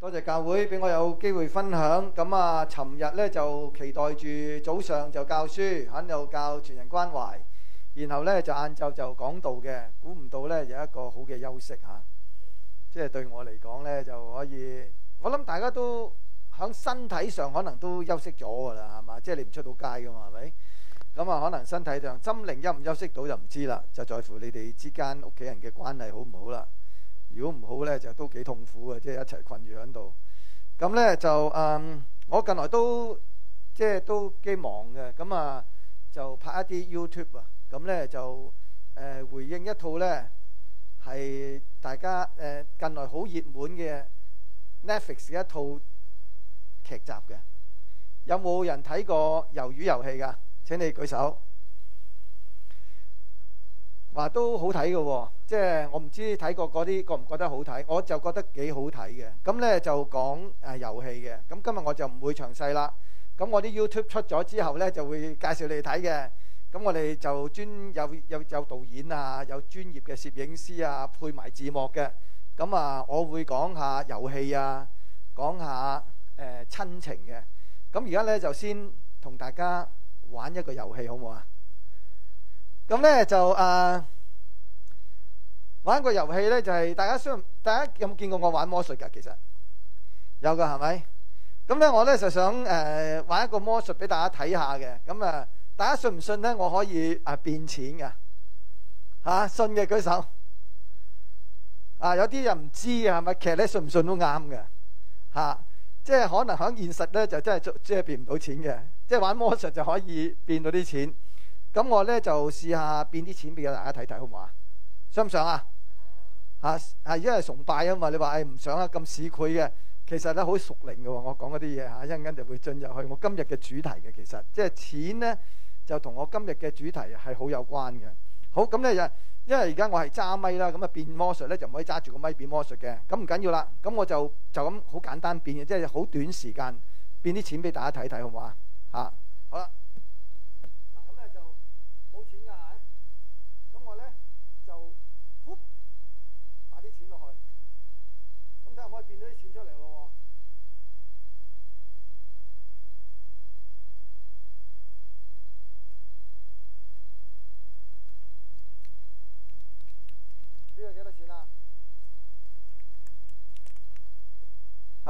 多謝教會俾我有機會分享，咁啊，尋日咧就期待住早上就教書，喺度教全人關懷，然後咧就晏晝就講道嘅，估唔到咧有一個好嘅休息吓，即係對我嚟講咧就可以，我諗大家都喺身體上可能都休息咗噶啦，係嘛，即係你唔出到街噶嘛，係咪？咁啊，可能身體上心靈休唔休息到就唔知啦，就在乎你哋之間屋企人嘅關係好唔好啦。如果唔好咧，就都幾痛苦嘅，即係一齊困住喺度。咁咧就誒、嗯，我近來都即係都幾忙嘅。咁啊，就拍一啲 YouTube 啊。咁咧就誒、呃、回應一套咧係大家誒、呃、近來好熱門嘅 Netflix 嘅一套劇集嘅。有冇人睇過《魷魚遊戲》㗎？請你舉手。話都好睇㗎喎。即係我唔知睇過嗰啲覺唔覺得好睇，我就覺得幾好睇嘅。咁咧就講誒遊戲嘅。咁今日我就唔會詳細啦。咁我啲 YouTube 出咗之後咧，就會介紹你哋睇嘅。咁我哋就專有有有導演啊，有專業嘅攝影師啊，配埋字幕嘅。咁啊，我會講下遊戲啊，講下誒親情嘅。咁而家咧就先同大家玩一個遊戲，好冇啊？咁咧就誒。玩個遊戲呢，就係、是、大家信，大家有冇見過我玩魔術噶？其實有噶係咪？咁呢，我呢就想誒、呃、玩一個魔術俾大家睇下嘅。咁、嗯、啊，大家信唔信呢？我可以啊變錢噶吓、啊，信嘅舉手。啊，有啲人唔知嘅係咪？其實咧信唔信都啱嘅吓，即係可能喺現實呢，就真係即係變唔到錢嘅，即係玩魔術就可以變到啲錢。咁我呢，就試下變啲錢俾大家睇睇，好唔好啊？想唔想啊？啊，係因為崇拜啊嘛！你話誒唔想啊咁市儈嘅，其實咧好屬靈嘅喎。我講嗰啲嘢嚇，一陣間就會進入去我今日嘅主題嘅。其實即係錢咧，就同、是、我今日嘅主題係好有關嘅。好咁咧、嗯啊，就因為而家我係揸咪啦，咁啊變魔術咧就唔可以揸住個咪變魔術嘅。咁唔緊要啦，咁我就就咁好簡單變，即係好短時間變啲錢俾大家睇睇，好唔好啊？嚇，好啦。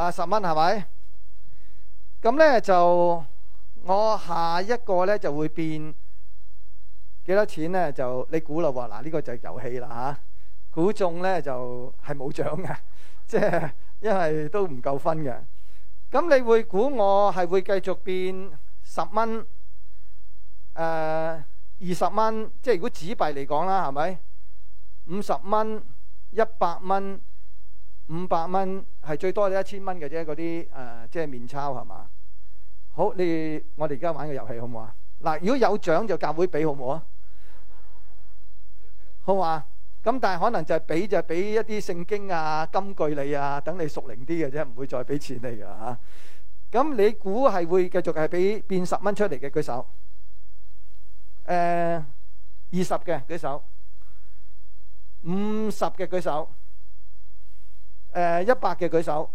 啊，十蚊係咪？咁呢，就我下一個呢就會變幾多錢呢？就你估啦喎！嗱，呢個就遊戲啦嚇，估中呢就係冇獎嘅，即係因為都唔夠分嘅。咁你會估我係會繼續變十蚊、誒、呃、二十蚊？即係如果紙幣嚟講啦，係咪？五十蚊、一百蚊、五百蚊。係最多咧一千蚊嘅啫，嗰啲誒即係面鈔係嘛？好，你我哋而家玩個遊戲好唔好啊？嗱，如果有獎就教會俾好唔好啊？好嘛？咁但係可能就係俾就係俾一啲聖經啊、金句你啊，等你熟練啲嘅啫，唔會再俾錢你㗎吓。咁你估係會繼續係俾變十蚊出嚟嘅？舉手。誒，二十嘅舉手，五十嘅舉手。誒，一百嘅舉手，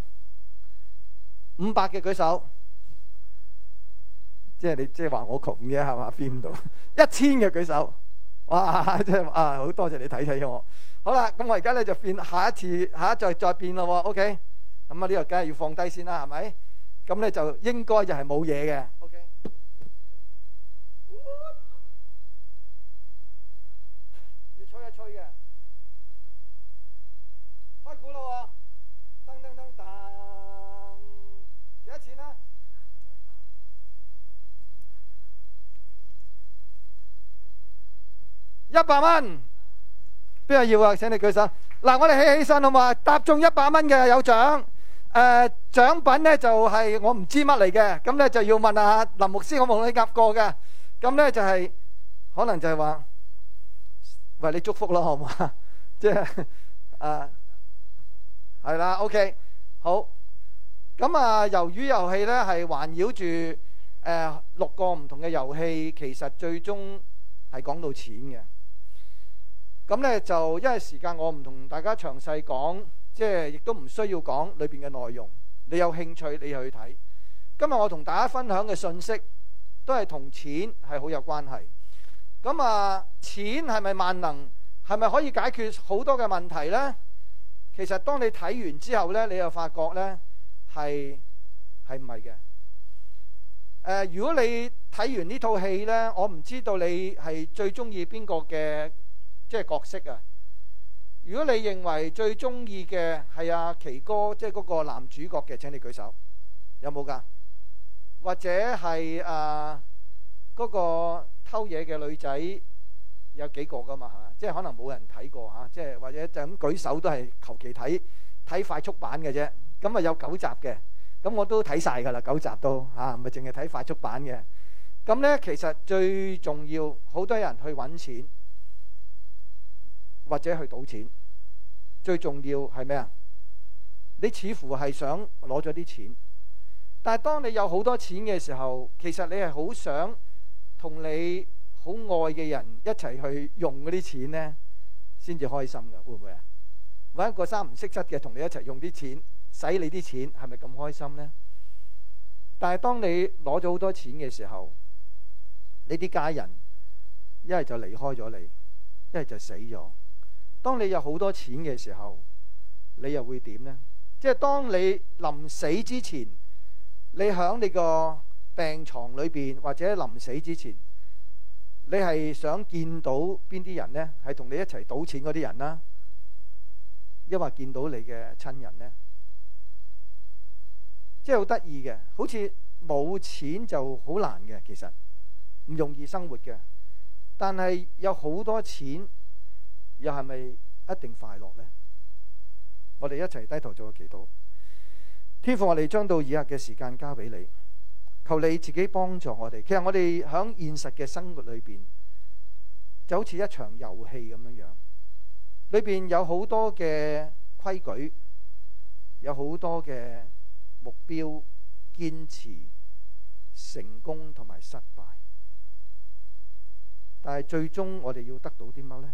五百嘅舉手，即係你即係話我窮嘅係嘛？變到一千嘅舉手，哇！即係啊，好多謝你睇起我。好啦，咁我而家咧就變下一次，下一再再變咯。OK，咁啊呢個梗係要放低先啦，係咪？咁咧就應該就係冇嘢嘅。OK，要吹一吹嘅，開估啦？一百蚊邊個要啊？請你舉手嗱，我哋起起身好嘛？答中一百蚊嘅有獎誒，獎、呃、品咧就係、是、我唔知乜嚟嘅咁咧，就要問下林牧師，我冇同你夾過嘅咁咧就係、是、可能就係話為你祝福咯，好嘛？即係誒係啦，ok 好，咁啊。魷魚遊戲咧係環繞住誒六個唔同嘅遊戲，其實最終係講到錢嘅。咁呢，就，因為時間我唔同大家詳細講，即係亦都唔需要講裏邊嘅內容。你有興趣你去睇。今日我同大家分享嘅信息都係同錢係好有關係。咁啊，錢係咪萬能？係咪可以解決好多嘅問題呢？其實當你睇完之後呢，你又發覺呢係係唔係嘅？誒，如果你睇完呢套戲呢，我唔知道你係最中意邊個嘅。即係角色啊！如果你認為最中意嘅係阿奇哥，即係嗰個男主角嘅，請你舉手，有冇㗎？或者係啊嗰個偷嘢嘅女仔，有幾個㗎嘛？嚇，即係可能冇人睇過嚇，即係或者就咁舉手都係求其睇睇快速版嘅啫。咁啊有九集嘅，咁我都睇晒㗎啦，九集都嚇，咪淨係睇快速版嘅。咁呢其實最重要，好多人去揾錢。或者去賭錢，最重要係咩啊？你似乎係想攞咗啲錢，但係當你有好多錢嘅時候，其實你係好想同你好愛嘅人一齊去用嗰啲錢呢，先至開心嘅，會唔會啊？揾一個三唔識七嘅同你一齊用啲錢，使你啲錢係咪咁開心呢？但係當你攞咗好多錢嘅時候，你啲家人一係就離開咗你，一係就死咗。當你有好多錢嘅時候，你又會點呢？即係當你臨死之前，你響你個病床裏邊，或者臨死之前，你係想見到邊啲人呢？係同你一齊賭錢嗰啲人啦、啊，抑或見到你嘅親人呢，即係好得意嘅，好似冇錢就好難嘅，其實唔容易生活嘅，但係有好多錢。又係咪一定快樂呢？我哋一齊低頭做個祈禱。天父，我哋將到以下嘅時間交俾你，求你自己幫助我哋。其實我哋響現實嘅生活裏邊，就好似一場遊戲咁樣樣，裏邊有好多嘅規矩，有好多嘅目標、堅持、成功同埋失敗。但係最終我哋要得到啲乜呢？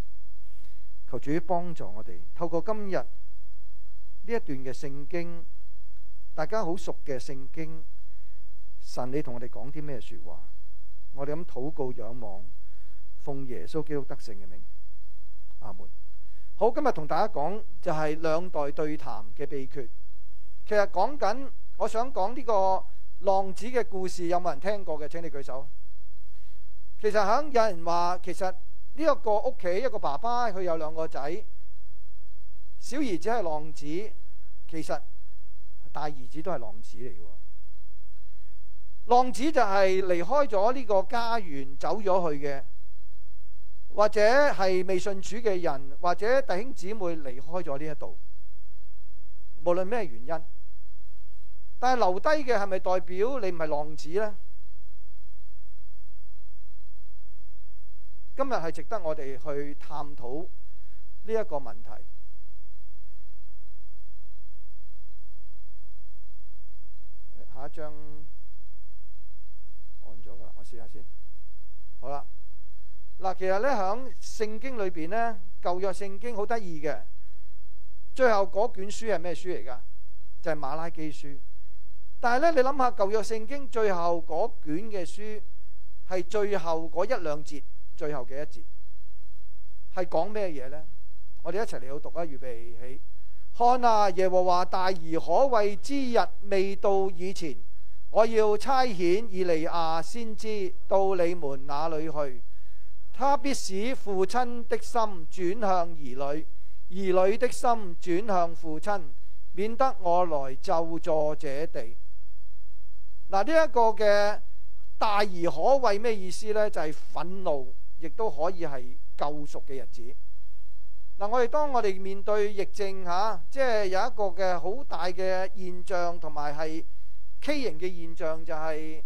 求主幫助我哋，透過今日呢一段嘅聖經，大家好熟嘅聖經，神你同我哋講啲咩說話？我哋咁禱告仰望，奉耶穌基督得勝嘅名，阿門。好，今日同大家講就係兩代對談嘅秘訣。其實講緊，我想講呢個浪子嘅故事，有冇人聽過嘅？請你舉手。其實肯有人話，其實。呢一個屋企，一個爸爸，佢有兩個仔，小兒子係浪子，其實大兒子都係浪子嚟嘅。浪子就係離開咗呢個家園走咗去嘅，或者係未信主嘅人，或者弟兄姊妹離開咗呢一度，無論咩原因，但係留低嘅係咪代表你唔係浪子呢？今日係值得我哋去探討呢一個問題。下一章按咗噶啦，我試下先。好啦，嗱，其實呢，響聖經裏邊呢，舊約聖經好得意嘅。最後嗰卷書係咩書嚟噶？就係馬拉基書。但係呢，你諗下舊約聖經最後嗰卷嘅書係最後嗰一兩節。最後嘅一節係講咩嘢呢？我哋一齊嚟去讀啊！預備起，看啊！耶和華大而可畏之日未到以前，我要差遣以利亞先知到你們那裏去。他必使父親的心轉向兒女，兒女的心轉向父親，免得我來就助這地。嗱，呢一個嘅大而可畏咩意思呢？就係、是、憤怒。亦都可以係救贖嘅日子。嗱、啊，我哋當我哋面對疫症嚇、啊，即係有一個嘅好大嘅現象，同埋係畸形嘅現象、就是，就係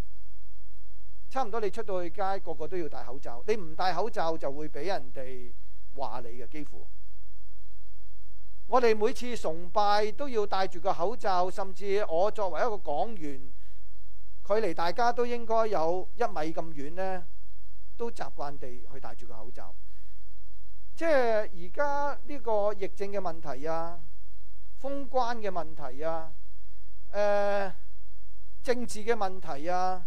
差唔多你出到去街，個個都要戴口罩。你唔戴口罩就會俾人哋話你嘅幾乎。我哋每次崇拜都要戴住個口罩，甚至我作為一個講員，距離大家都應該有一米咁遠呢，都習慣地去戴住個口罩，即係而家呢個疫症嘅問題啊，封關嘅問題啊，誒、呃、政治嘅問題啊，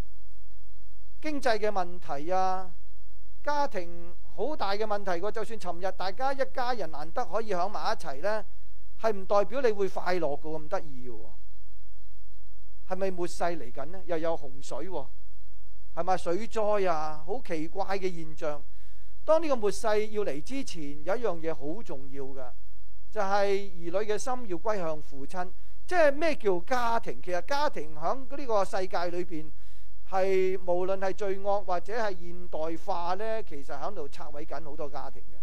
經濟嘅問題啊，家庭好大嘅問題、啊、就算尋日大家一家人難得可以響埋一齊呢，係唔代表你會快樂過咁得意嘅喎，係咪、啊、末世嚟緊咧？又有洪水喎、啊！係咪水災啊？好奇怪嘅現象。當呢個末世要嚟之前，有一樣嘢好重要嘅，就係、是、兒女嘅心要歸向父親。即係咩叫家庭？其實家庭響呢個世界裏邊，係無論係罪惡或者係現代化呢，其實響度拆毀緊好多家庭嘅。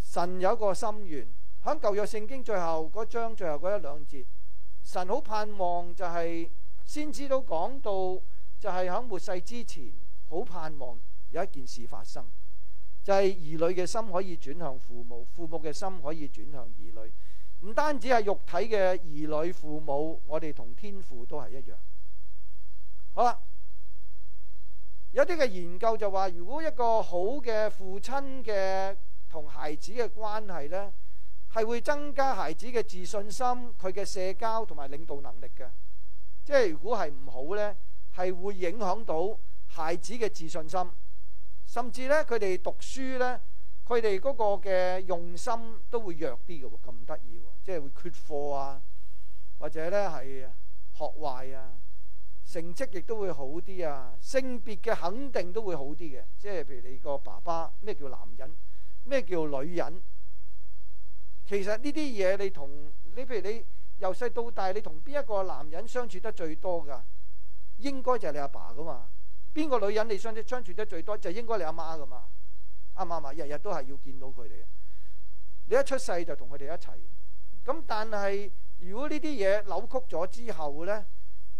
神有一個心願，喺舊約聖經最後嗰章最後嗰一兩節，神好盼望就係、是。先知道講到就係喺末世之前，好盼望有一件事發生，就係、是、兒女嘅心可以轉向父母，父母嘅心可以轉向兒女。唔單止係肉體嘅兒女，父母我哋同天父都係一樣。好啦，有啲嘅研究就話，如果一個好嘅父親嘅同孩子嘅關係呢，係會增加孩子嘅自信心、佢嘅社交同埋領導能力嘅。即係如果係唔好呢，係會影響到孩子嘅自信心，甚至呢，佢哋讀書呢，佢哋嗰個嘅用心都會弱啲嘅喎，咁得意喎，即係會缺課啊，或者呢係學壞啊，成績亦都會好啲啊，性別嘅肯定都會好啲嘅，即係譬如你個爸爸咩叫男人，咩叫女人，其實呢啲嘢你同你譬如你。由細到大，你同邊一個男人相處得最多噶？應該就係你阿爸噶嘛？邊個女人你相相處得最多就係應該你阿媽噶嘛？啱唔啱啊？日日都係要見到佢哋。你一出世就同佢哋一齊。咁但係如果呢啲嘢扭曲咗之後呢，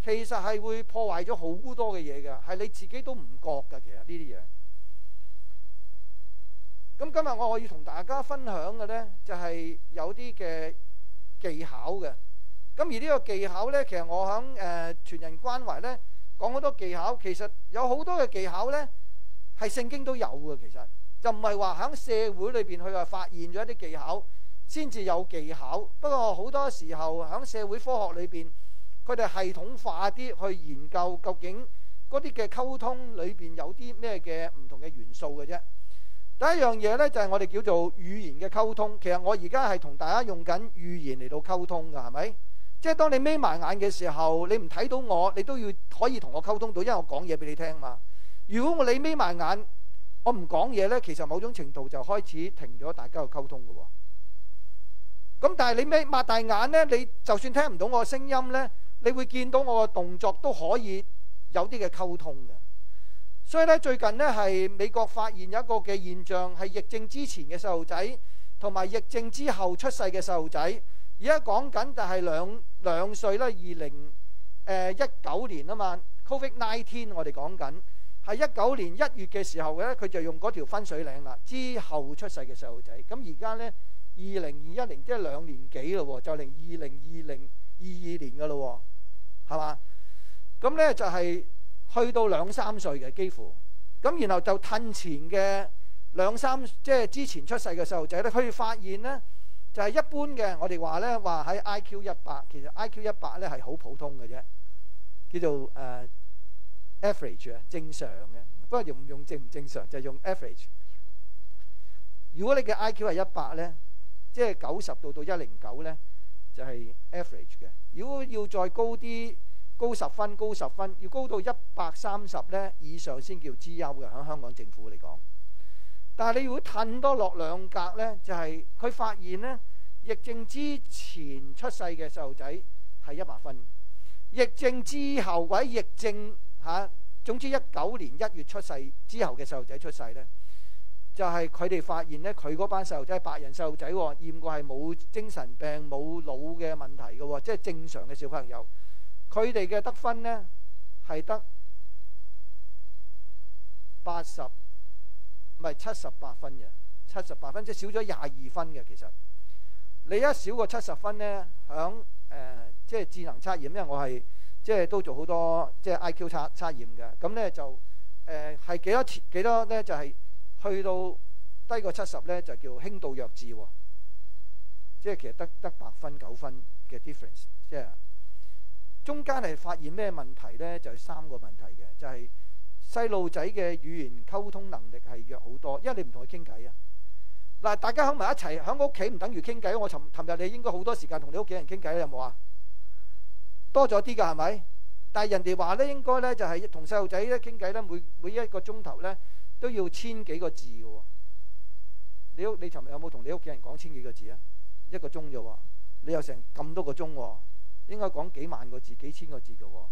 其實係會破壞咗好多嘅嘢嘅，係你自己都唔覺噶。其實呢啲嘢。咁今日我要同大家分享嘅呢，就係有啲嘅技巧嘅。咁而呢個技巧呢，其實我喺誒全人關懷呢，講好多技巧。其實有好多嘅技巧呢，係聖經都有嘅。其實就唔係話喺社會裏邊佢話發現咗一啲技巧先至有技巧。不過好多時候喺社會科學裏邊，佢哋系統化啲去研究究竟嗰啲嘅溝通裏邊有啲咩嘅唔同嘅元素嘅啫。第一樣嘢呢，就係我哋叫做語言嘅溝通。其實我而家係同大家用緊語言嚟到溝通㗎，係咪？即係當你眯埋眼嘅時候，你唔睇到我，你都要可以同我溝通到，因為我講嘢俾你聽嘛。如果你眯埋眼，我唔講嘢呢，其實某種程度就開始停咗大家嘅溝通嘅，哦。咁但係你眯擘大眼呢，你就算聽唔到我聲音呢，你會見到我嘅動作都可以有啲嘅溝通嘅。所以呢，最近呢，係美國發現有一個嘅現象係疫症之前嘅細路仔同埋疫症之後出世嘅細路仔。而家講緊就係兩兩歲啦，二零誒一九年啊嘛，COVID-19 我哋講緊，係一九年一月嘅時候嘅咧，佢就用嗰條分水嶺啦。之後出世嘅細路仔，咁而家呢，二零二一年，即係兩年幾咯喎，就嚟二零二零二二年嘅咯喎，係嘛？咁呢就係去到兩三歲嘅幾乎，咁然後就褪前嘅兩三，2, 3，即係之前出世嘅細路仔咧，可以發現呢。就係一般嘅，我哋話呢，話喺 IQ 一百，其實 IQ 一百呢係好普通嘅啫，叫做誒、uh, average 啊，正常嘅。不過用唔用正唔正常，就係、用 average。如果你嘅 IQ 係一百呢，即係九十度到一零九呢，就係 average 嘅。如果要再高啲，高十分，高十分，要高到一百三十呢，以上先叫資優嘅，喺香港政府嚟講。但係你如果褪多落兩格呢，就係、是、佢發現呢疫症之前出世嘅細路仔係一百分，疫症之後喎喺疫症嚇、啊，總之一九年一月出世之後嘅細路仔出世呢，就係佢哋發現呢，佢嗰班細路仔係白人細路仔，驗過係冇精神病冇腦嘅問題嘅喎，即係正常嘅小朋友，佢哋嘅得分呢係得八十。唔係七十八分嘅，七十八分即係少咗廿二分嘅。其實你一少過七十分呢，響誒、呃、即係智能測驗，因為我係即係都做好多即係 I.Q. 測測驗嘅。咁、呃、呢就誒係幾多次？幾多咧就係去到低過七十呢，就叫輕度弱智。哦、即係其實得得八分九分嘅 difference，即係中間係發現咩問題呢？就係、是、三個問題嘅，就係、是。細路仔嘅語言溝通能力係弱好多，因為你唔同佢傾偈啊。嗱，大家喺埋一齊喺屋企唔等於傾偈。我尋尋日，你應該好多時間同你屋企人傾偈啦，有冇啊？多咗啲㗎，係咪？但係人哋話呢，應該呢，就係同細路仔咧傾偈呢，每每一個鐘頭呢都要千幾個字㗎喎、啊。你你尋日有冇同你屋企人講千幾個字啊？一個鐘啫喎，你又成咁多個鐘、啊，應該講幾萬個字、幾千個字㗎喎、啊。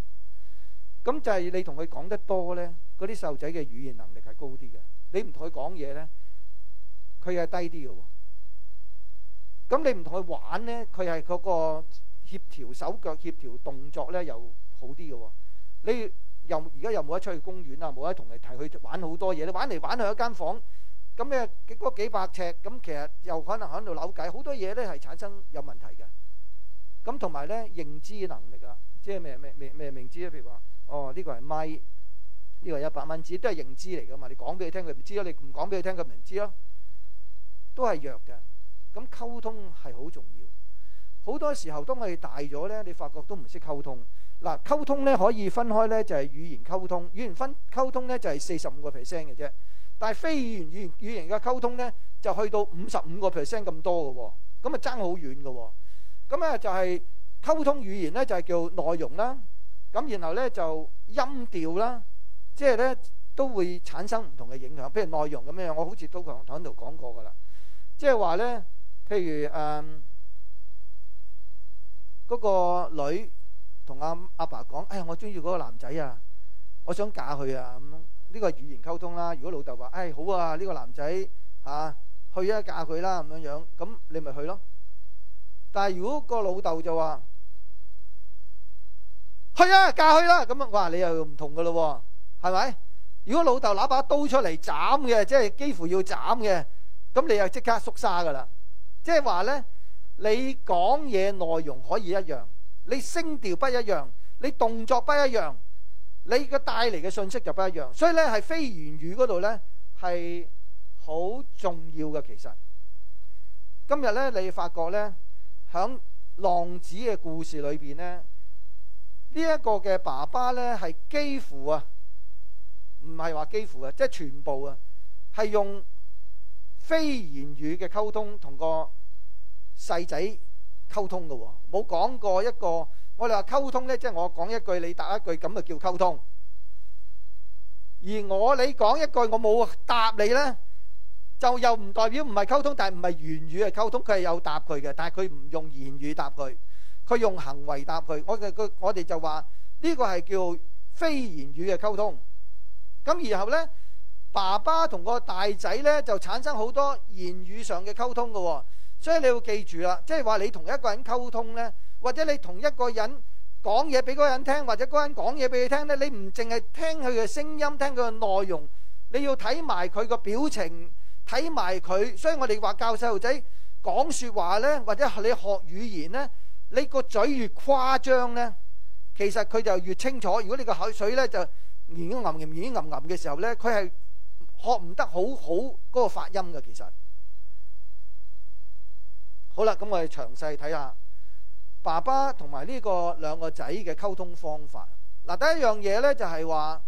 咁就係你同佢講得多呢。嗰啲細路仔嘅語言能力係高啲嘅，你唔同佢講嘢咧，佢係低啲嘅。咁你唔同佢玩咧，佢係嗰個協調手腳協調動作咧又好啲嘅。你又而家又冇得出去公園啊，冇得同你提去玩好多嘢。你玩嚟玩去一間房，咁你幾個幾百尺，咁其實又可能喺度扭計，好多嘢咧係產生有問題嘅。咁同埋咧認知能力啊，即係咩咩咩咩認知啊，譬如話哦呢個係咪？呢個一百蚊紙都係認知嚟噶嘛？你講俾佢聽，佢唔知咯；你唔講俾佢聽，佢咪唔知咯，都係弱嘅。咁溝通係好重要。好多時候，當我哋大咗咧，你發覺都唔識溝通嗱。溝通咧可以分開咧，就係語言溝通，語言分溝通咧就係四十五個 percent 嘅啫。但係非語言語言語言嘅溝通咧就去到五十五個 percent 咁多嘅喎。咁啊爭好遠嘅喎。咁啊就係溝通語言咧就係叫內容啦。咁然後咧就音調啦。即係咧，都會產生唔同嘅影響，譬如內容咁樣。我好似都講喺度講過㗎啦。即係話咧，譬如誒嗰、嗯那個女同阿阿爸講：，誒、哎、我中意嗰個男仔啊，我想嫁佢啊咁呢、這個語言溝通啦。如果老豆話：，誒、哎、好啊，呢、這個男仔嚇、啊、去啊，嫁佢啦咁樣樣。咁你咪去咯。但係如果個老豆就話：去啊，嫁去啦。咁啊，嘩你又唔同㗎咯、啊。係咪？如果老豆攞把刀出嚟斬嘅，即係幾乎要斬嘅，咁你又即刻縮沙噶啦。即係話呢，你講嘢內容可以一樣，你聲調不一樣，你動作不一樣，你嘅帶嚟嘅信息就不一樣。所以呢，係非言語嗰度呢，係好重要嘅。其實今日呢，你發覺呢，響浪子嘅故事裏邊呢，呢一個嘅爸爸呢，係幾乎啊。唔係話幾乎啊，即係全部啊，係用非言語嘅溝通同個細仔溝通㗎喎，冇講過一個。我哋話溝通呢，即係我講一句你答一句咁啊，叫溝通。而我你講一句我冇答你呢，就又唔代表唔係溝通，但係唔係言語嘅溝通。佢係有答佢嘅，但係佢唔用言語答佢，佢用行為答佢。我哋佢我哋就話呢個係叫非言語嘅溝通。咁然後呢，爸爸同個大仔呢，就產生好多言語上嘅溝通㗎喎，所以你要記住啦，即係話你同一個人溝通呢，或者你同一個人講嘢俾嗰人聽，或者嗰人講嘢俾你聽呢，你唔淨係聽佢嘅聲音，聽佢嘅內容，你要睇埋佢個表情，睇埋佢。所以我哋話教細路仔講説話呢，或者係你學語言呢，你個嘴越誇張呢，其實佢就越清楚。如果你個口水呢，就，已軟吟吟、軟軟吟吟嘅時候呢，佢、嗯、係、嗯嗯嗯嗯嗯、學唔得好好嗰個發音嘅。其實好啦，咁我哋詳細睇下爸爸同埋呢個兩個仔嘅溝通方法。嗱，第一樣嘢呢就係話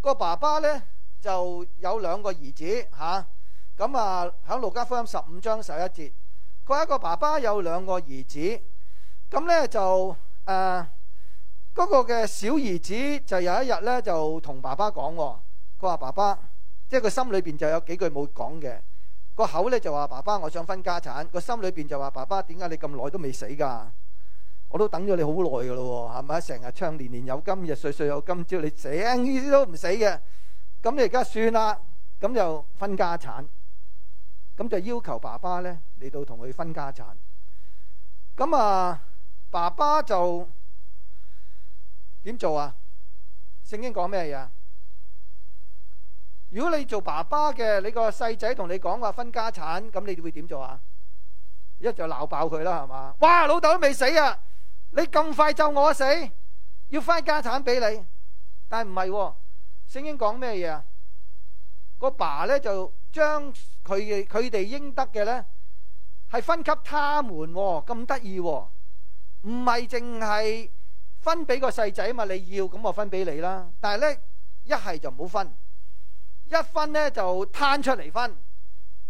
個爸爸呢就有兩個兒子吓，咁啊響、啊、路加福音十五章十一節，佢話一個爸爸有兩個兒子，咁呢就誒。啊嗰個嘅小兒子就有一日呢，就同爸爸講喎，佢話爸爸，即係佢心裏邊就有幾句冇講嘅，個口呢，就話爸爸，我想分家產。個心裏邊就話爸爸，點解你咁耐都未死㗎？我都等咗你好耐㗎啦，係咪？成日唱年年有今日，歲歲有今朝，你整呢啲都唔死嘅，咁你而家算啦，咁就分家產。咁就要求爸爸呢，嚟到同佢分家產。咁啊，爸爸就點做啊？聖經講咩嘢啊？如果你做爸爸嘅，你個細仔同你講話分家產，咁你會點做啊？一就鬧爆佢啦，係嘛？哇，老豆都未死啊！你咁快咒我死，要分家產俾你？但係唔係，聖經講咩嘢啊？個爸咧就將佢佢哋應得嘅咧，係分給他們，咁得意，唔係淨係。分俾個細仔嘛，你要咁我分俾你啦。但係咧，一係就唔好分，一分咧就攤出嚟分，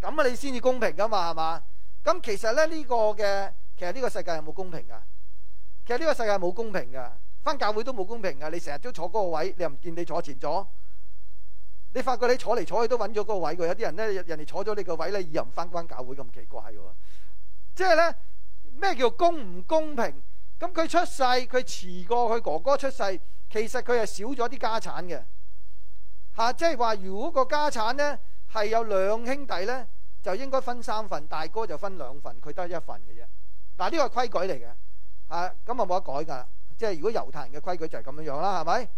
咁啊你先至公平噶嘛，係嘛？咁其實咧呢個嘅，其實呢個世界有冇公平噶？其實呢個世界冇公平噶，翻教會都冇公平噶。你成日都坐嗰個位，你又唔見你坐前咗。你發覺你坐嚟坐去都揾咗嗰個位噶。有啲人咧，人哋坐咗你個位咧，又唔翻翻教會咁奇怪噶。即係咧，咩叫公唔公平？咁佢出世，佢遲過佢哥哥出世，其實佢係少咗啲家產嘅，嚇、啊，即係話如果個家產呢係有兩兄弟呢，就應該分三份，大哥就分兩份，佢得一份嘅啫。嗱、啊、呢、呢個規矩嚟嘅，嚇、啊，咁啊冇得改噶、啊，即係如果猶太人嘅規矩就係咁樣樣啦，係咪？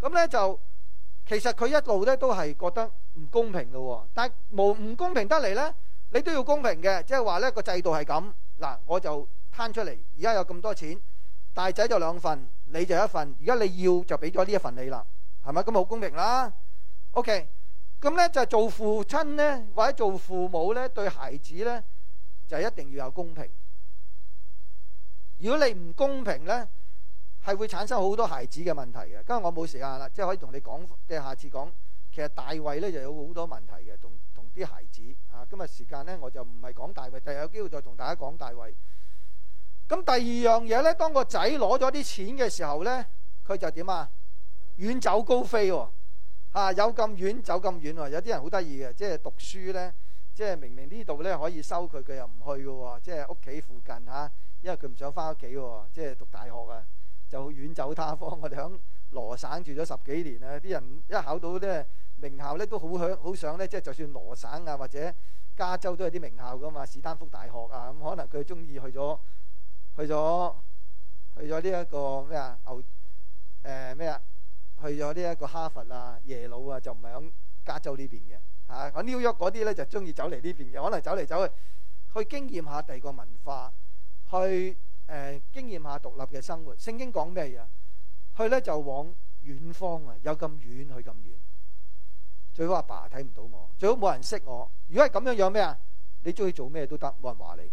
咁呢，就其實佢一路呢都係覺得唔公平嘅喎、啊，但冇唔公平得嚟呢，你都要公平嘅，即係話呢個制度係咁，嗱、啊、我就。攤出嚟，而家有咁多錢，大仔就兩份，你就一份。而家你要就俾咗呢一份你啦，係咪咁好公平啦？OK，咁呢就做父親呢或者做父母呢，對孩子呢就一定要有公平。如果你唔公平呢，係會產生好多孩子嘅問題嘅。今日我冇時間啦，即係可以同你講，即係下次講。其實大衞呢就有好多問題嘅，同同啲孩子啊。今日時間呢我就唔係講大衞，第日有機會再同大家講大衞。咁第二樣嘢呢，當個仔攞咗啲錢嘅時候呢，佢就點啊？遠走高飛喎，哦，有咁遠走咁遠喎。有啲人好得意嘅，即係讀書呢，即係明明呢度呢可以收佢，佢又唔去嘅喎。即係屋企附近吓，因為佢唔想翻屋企喎。即係讀大學啊，就遠走他方。我哋響羅省住咗十幾年啦，啲人一考到呢名校呢，都好想，好想呢，即係就算羅省啊或者加州都有啲名校噶嘛，史丹福大學啊咁，可能佢中意去咗。去咗去咗呢一個咩啊？牛誒咩啊？去咗呢一個哈佛啊耶魯啊，就唔係響加州呢邊嘅。吓我紐約嗰啲咧就中意走嚟呢邊嘅，可能走嚟走去，去經驗下第二個文化，去誒經驗下獨立嘅生活。聖經講咩嘢啊？去咧就往遠方啊，有咁遠去咁遠，最好阿爸睇唔到我，最好冇人識我。如果係咁樣樣咩啊，你中意做咩都得，冇人話你。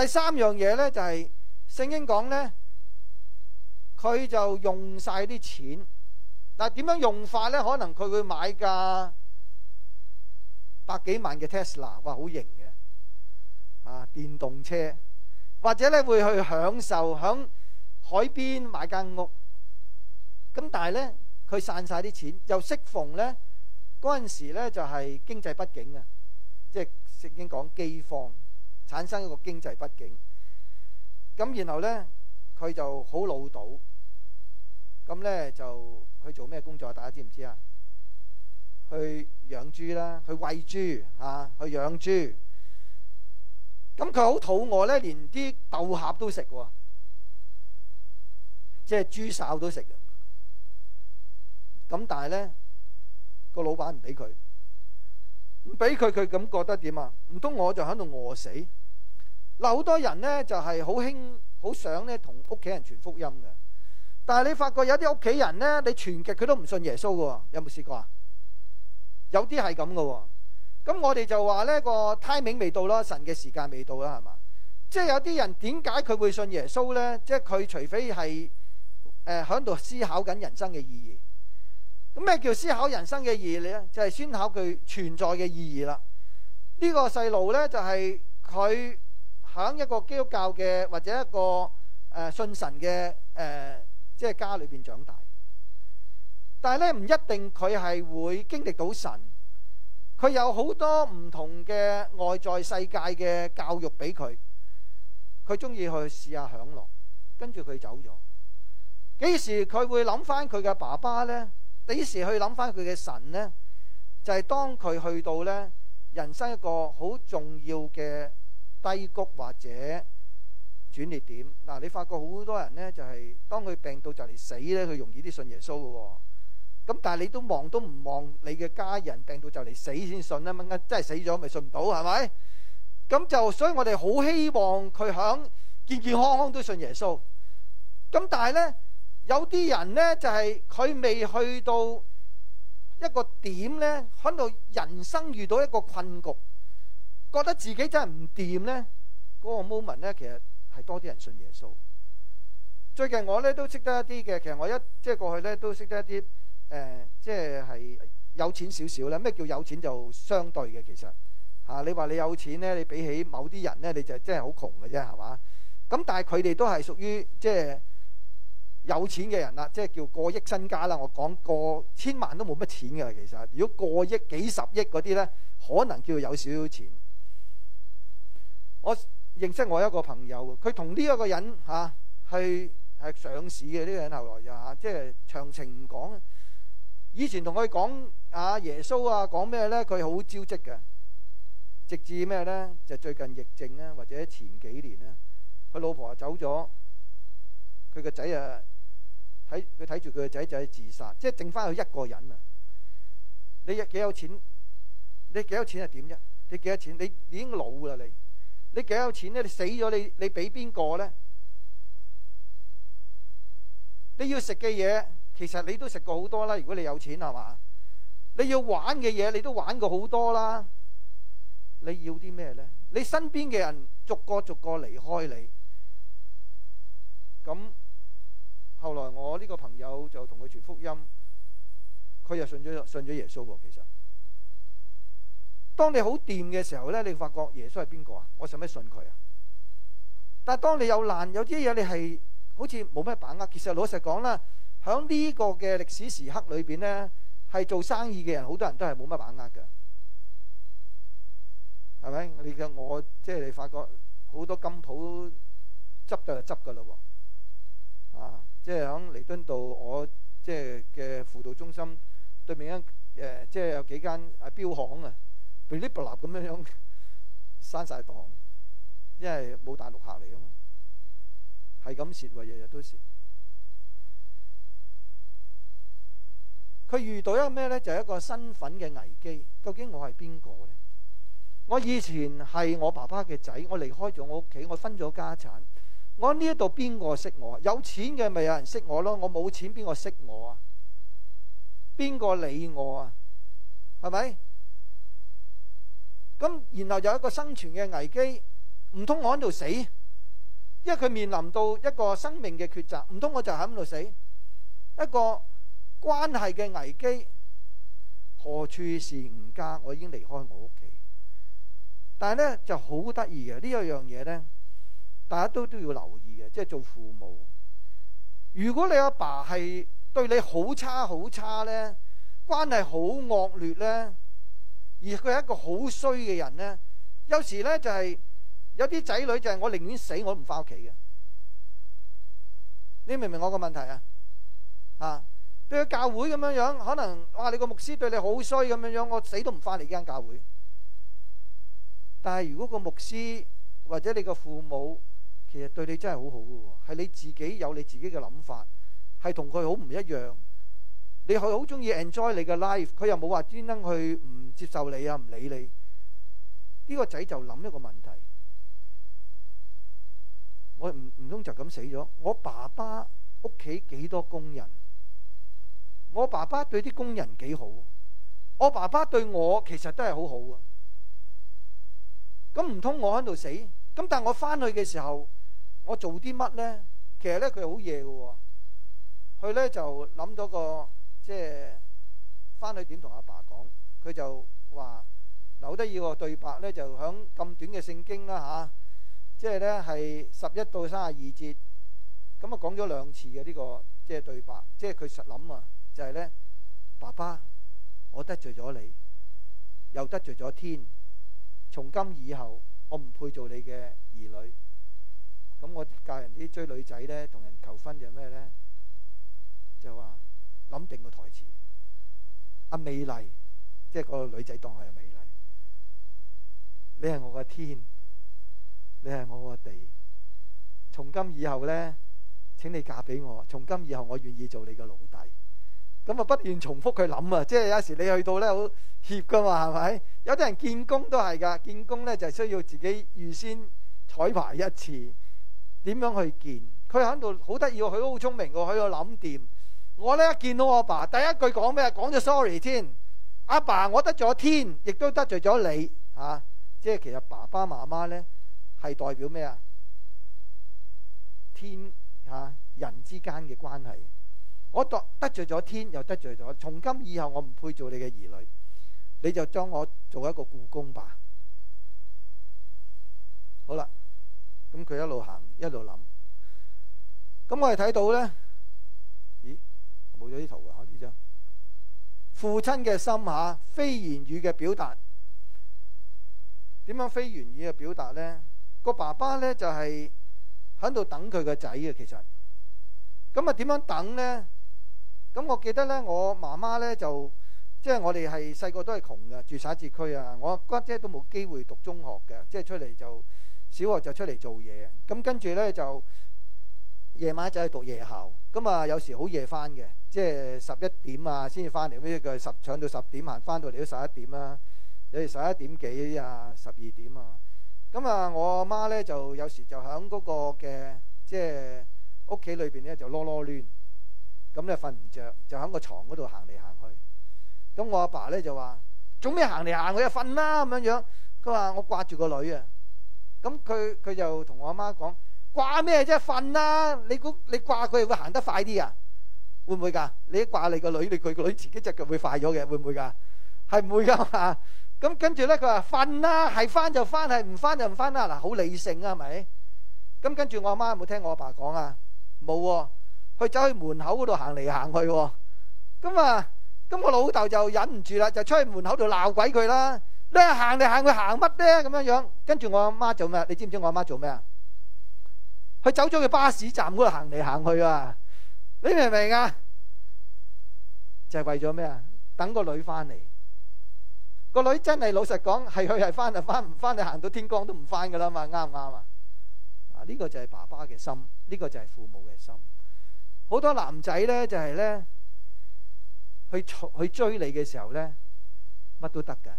第三樣嘢咧就係聖經講咧，佢就用晒啲錢，但點樣用法咧？可能佢會買架百幾萬嘅 Tesla，哇，好型嘅啊！電動車或者咧會去享受，響海邊買間屋，咁但係咧佢散晒啲錢，又適逢咧嗰陣時咧就係經濟不景啊，即係聖經講饑荒。產生一個經濟不景，咁然後咧佢就好潦倒，咁咧就去做咩工作啊？大家知唔知啊？去養豬啦，去餵豬吓，去養豬。咁佢好肚餓咧，連啲豆殼都食喎，即係豬潲都食。咁但係咧個老闆唔俾佢，唔俾佢，佢咁覺得點啊？唔通我就喺度餓死？嗱，好多人呢就係好興，好想呢同屋企人傳福音嘅。但係你發覺有啲屋企人呢，你傳極佢都唔信耶穌嘅。有冇試過啊？有啲係咁嘅喎。咁我哋就話呢個 timing 未到咯，神嘅時間未到啦，係嘛？即係有啲人點解佢會信耶穌呢？即係佢除非係誒喺度思考緊人生嘅意義。咁咩叫思考人生嘅意，意義呢？就係、是、先考佢存在嘅意義啦。呢、呢個細路呢，就係佢。喺一個基督教嘅，或者一個誒、呃、信神嘅誒、呃，即係家裏面長大，但係咧唔一定佢係會經歷到神，佢有好多唔同嘅外在世界嘅教育俾佢，佢中意去試下享樂，跟住佢走咗。幾時佢會諗翻佢嘅爸爸呢？幾時去諗翻佢嘅神呢？就係、是、當佢去到呢，人生一個好重要嘅低谷或者轉捩點，嗱你發覺好多人咧，就係當佢病到就嚟死咧，佢容易啲信耶穌嘅喎。咁但係你都望都唔望你嘅家人病到就嚟死先信啊？乜真係死咗咪信唔到係咪？咁就所以我哋好希望佢響健健康康都信耶穌。咁但係咧，有啲人咧就係佢未去到一個點咧，喺度人生遇到一個困局。覺得自己真係唔掂呢？嗰個 moment 呢，其實係多啲人信耶穌。最近我呢都識得一啲嘅，其實我一即係過去呢都識得一啲誒、呃，即係係有錢少少啦。咩叫有錢就相對嘅其實嚇、啊？你話你有錢呢，你比起某啲人呢，你就真係好窮嘅啫，係嘛？咁但係佢哋都係屬於即係有錢嘅人啦，即係叫過億身家啦。我講過，千萬都冇乜錢㗎啦，其實如果過億幾十億嗰啲呢，可能叫做有少少錢。我認識我一個朋友，佢同呢一個人嚇，係係上市嘅呢個人，啊這個，人後來又、就、嚇、是啊，即係詳情唔講。以前同佢講啊，耶穌啊講咩咧？佢好招積嘅。直至咩咧？就是，最近疫症啊，或者前幾年啊，佢老婆走咗，佢個仔啊，睇佢睇住佢個仔仔自殺，即係剩翻佢一個人啊！你有幾有錢？你幾有錢係點啫？你幾多錢？你已經老啦你。你幾有錢呢？你死咗，你你俾邊個呢？你要食嘅嘢，其實你都食過好多啦。如果你有錢係嘛，你要玩嘅嘢，你都玩過好多啦。你要啲咩呢？你身邊嘅人逐個逐個離開你，咁後來我呢個朋友就同佢傳福音，佢又信咗信咗耶穌喎、啊，其實。當你好掂嘅時候咧，你發覺耶穌係邊個啊？我使唔使信佢啊？但係當你有難有啲嘢，你係好似冇咩把握。其實老實講啦，響呢個嘅歷史時刻裏邊咧，係做生意嘅人好多人都係冇乜把握嘅，係咪？你嘅我即係你發覺好多金鋪執就執噶咯，啊！即係響彌敦道我即係嘅輔導中心對面一誒，即係有幾間啊標行啊。被立立咁樣樣刪晒檔，因為冇大陸客嚟啊嘛，係咁蝕喎，日日都蝕。佢遇到一個咩咧？就係一個身份嘅危機。究竟我係邊個咧？我以前係我爸爸嘅仔，我離開咗我屋企，我分咗家產。我呢一度邊個識我？有錢嘅咪有人識我咯。我冇錢，邊個識我啊？邊個理我啊？係咪？咁，然後有一個生存嘅危機，唔通我喺度死？因為佢面臨到一個生命嘅抉擇，唔通我就喺度死？一個關係嘅危機，何處是吾家？我已經離開我屋企，但係呢就好得意嘅呢一樣嘢呢，大家都都要留意嘅，即係做父母。如果你阿爸係對你好差好差呢，關係好惡劣呢。而佢係一個好衰嘅人呢。有時呢，就係、是、有啲仔女就係我寧願死我都唔翻屋企嘅。你明唔明我個問題啊？吓對個教會咁樣樣，可能哇你個牧師對你好衰咁樣樣，我死都唔翻嚟呢間教會。但係如果個牧師或者你個父母，其實對你真係好好噶，係你自己有你自己嘅諗法，係同佢好唔一樣。你好好中意 enjoy 你嘅 life，佢又冇話專登去唔接受你啊，唔理你呢個仔就諗一個問題：我唔唔通就咁死咗？我爸爸屋企幾多工人？我爸爸對啲工人幾好？我爸爸對我其實都係好好啊。咁唔通我喺度死咁，但我翻去嘅時候我做啲乜呢？其實呢佢好夜嘅，佢呢就諗咗個。即係翻去點同阿爸講，佢就話：好得意喎，對白咧就響咁短嘅聖經啦吓、啊，即係咧係十一到三十二節，咁啊講咗兩次嘅呢、這個即係對白，即係佢實諗啊，就係、是、咧，爸爸，我得罪咗你，又得罪咗天，從今以後我唔配做你嘅兒女。咁我教人啲追女仔咧，同人求婚就係咩咧，就話。諗定個台詞，阿美麗，即係個女仔當佢係美麗。你係我個天，你係我個地。從今以後呢，請你嫁俾我。從今以後，我願意做你個奴隸。咁啊，不斷重複佢諗啊，即係有時你去到呢，好怯噶嘛，係咪？有啲人見工都係噶，見工呢就需要自己預先彩排一次，點樣去見。佢喺度好得意喎，佢好聰明喎，佢個諗掂。我呢一見到我爸，第一句講咩啊？講咗 sorry 先，阿爸，我得罪咗天，亦都得罪咗你，吓，即係其實爸爸媽媽呢係代表咩啊？天吓人之間嘅關係，我得得罪咗天，又得罪咗，從今以後我唔配做你嘅兒女，你就將我做一個雇工吧。好啦，咁佢一路行一路諗，咁我哋睇到呢。冇咗啲圖嘅吓，呢張。父親嘅心嚇，非言語嘅表達。點樣非言語嘅表達咧？個爸爸咧就係喺度等佢個仔嘅，其實。咁啊，點樣等咧？咁我記得咧，我媽媽咧就即係我哋係細個都係窮嘅，住徙置區啊。我家姐都冇機會讀中學嘅，即係出嚟就小學就出嚟做嘢。咁跟住咧就。夜晚仔去讀夜校，咁、嗯、啊有時好夜翻嘅，即係十一點啊先至翻嚟。咁佢十搶到十點行翻到嚟都十一點啦、啊，有時十一點幾啊，十二點啊。咁、嗯、啊，我阿媽咧就有時就響嗰個嘅，即係屋企裡邊咧就囉囉攣，咁咧瞓唔着，就響、嗯、個床嗰度行嚟行去。咁、嗯、我阿爸咧就話：做咩行嚟行去啊？瞓啦咁樣樣。佢話我掛住個女啊。咁佢佢就同我阿媽講。掛咩？啫？瞓啦！你估你掛佢會行得快啲啊？會唔會噶？你一掛你個女，你佢個女自己隻腳會快咗嘅？會唔會噶？係唔會噶嘛？咁跟住咧，佢話瞓啦，係翻就翻，係唔翻就唔翻啦。嗱，好理性啊，係咪？咁跟住我阿媽有冇聽我阿爸講啊？冇，佢走去門口嗰度行嚟行去。咁啊，咁、嗯啊嗯、我老豆就忍唔住啦，就出去門口度鬧鬼佢啦。你行嚟行去行乜咧？咁樣樣，跟住我阿媽做咩？你知唔知我阿媽做咩啊？佢走咗去巴士站嗰度行嚟行去啊！你明唔明啊？就係為咗咩啊？等個女翻嚟，個女真係老實講係佢係翻就翻唔翻，你行到天光都唔翻噶啦嘛？啱唔啱啊？啊呢個就係爸爸嘅心，呢個就係父母嘅心。好多男仔咧就係咧，去去追你嘅時候咧，乜都得噶。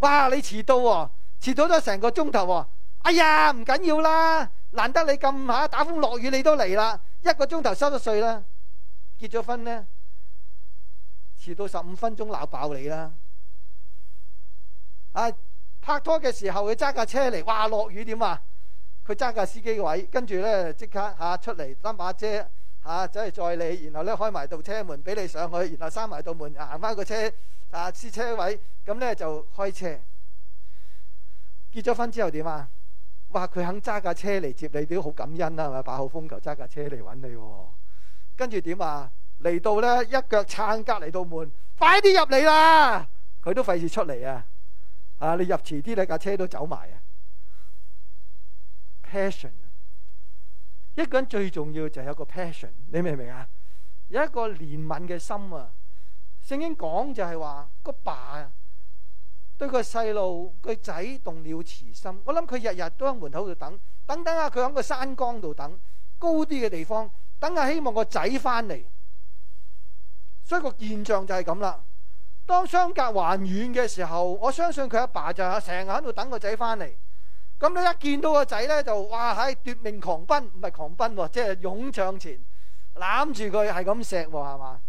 哇！你遲到喎，遲到咗成個鐘頭喎。哎呀，唔緊要啦。難得你咁吓打風落雨你都嚟啦，一個鐘頭收咗稅啦，結咗婚呢，遲到十五分鐘鬧爆你啦！啊，拍拖嘅時候佢揸架車嚟，哇落雨點啊？佢揸架司機位，跟住呢，即刻吓出嚟擔把遮吓，走去載你，然後呢，開埋道車門俾你上去，然後閂埋道門行翻個車啊，支車位咁呢，就開車。結咗婚之後點啊？話佢肯揸架車嚟接你，都好感恩啦，係嘛？八號風球揸架車嚟揾你，跟住點啊？嚟到咧，一腳撐隔嚟到門，快啲入嚟啦！佢都費事出嚟啊！啊，你入遲啲你架車都走埋啊！passion，一個人最重要就係有個 passion，你明唔明啊？有一個憐憫嘅心啊！聖經講就係話個爸啊！對個細路個仔動了慈心，我諗佢日日都喺門口度等，等等啊！佢喺個山崗度等，高啲嘅地方等下，希望個仔翻嚟。所以個現象就係咁啦。當相隔還遠嘅時候，我相信佢阿爸，爸就係成日喺度等個仔翻嚟。咁咧，一見到個仔呢，就哇，喺、哎、奪命狂奔，唔係狂奔喎，即係勇上前攬住佢，係咁錫喎，係嘛？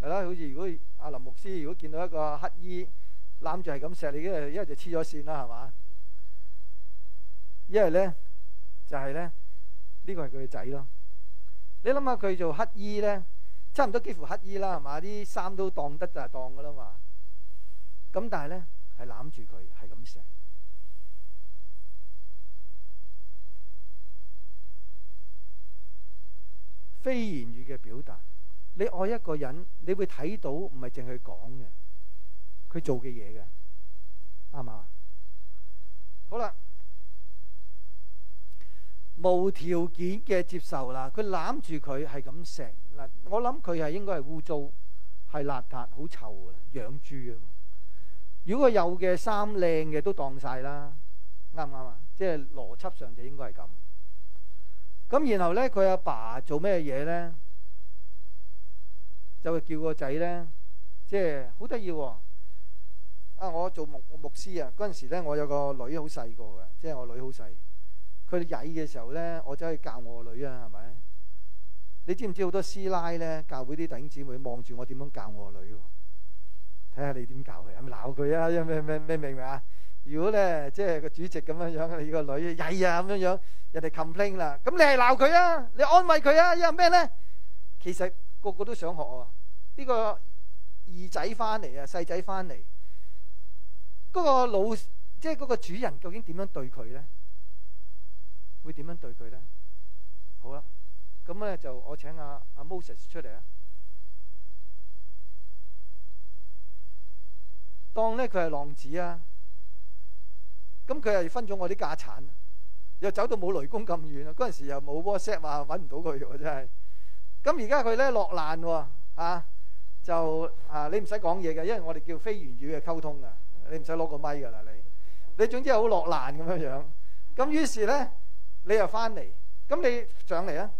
係咯，好似如果。阿、啊、林牧師，如果見到一個乞兒攬住係咁錫你嘅，一係就黐咗線啦，係嘛？一係咧就係、是、咧，呢、這個係佢嘅仔咯。你諗下佢做乞兒咧，差唔多幾乎乞兒啦，係嘛？啲衫都當得就係當嘅啦嘛。咁但係咧，係攬住佢係咁錫。非言語嘅表達。你愛一個人，你會睇到唔係淨係講嘅，佢做嘅嘢嘅，啱嘛？好啦，無條件嘅接受啦，佢攬住佢係咁錫嗱，我諗佢係應該係污糟，係邋遢，好臭啊，養豬啊嘛！如果有嘅衫靚嘅都當晒啦，啱唔啱啊？即係邏輯上就應該係咁。咁然後呢，佢阿爸做咩嘢呢？就係叫個仔咧，即係好得意喎！啊，我做牧牧師啊，嗰陣時咧，我有個女好細個嘅，即係我女好細。佢曳嘅時候咧，我走去教我個女啊，係咪？你知唔知好多師奶咧，教會啲弟兄姊妹望住我點樣教我個女？睇下你點教佢，鬧佢啊！因咩咩咩明唔明啊？如果咧，即係個主席咁樣樣，你個女曳啊咁樣樣，人哋 complain 啦。咁你係鬧佢啊？你安慰佢啊？因為咩咧？其實。個個都想學啊，呢、這個二仔翻嚟啊，細仔翻嚟，嗰、那個老即係嗰個主人究竟點樣對佢咧？會點樣對佢咧？好啦，咁咧就我請阿阿 Moses 出嚟啊，啊當咧佢係浪子啊，咁佢係分咗我啲家產，又走到冇雷公咁遠 App, 啊！嗰陣時又冇 WhatsApp 啊，搵唔到佢喎，真係。咁而家佢咧落難喎、啊，就啊你唔使講嘢嘅，因為我哋叫非言語嘅溝通啊，啊，你唔使攞個咪㗎啦，你你總之好落難咁樣樣。咁於是咧，你又翻嚟，咁你上嚟啊？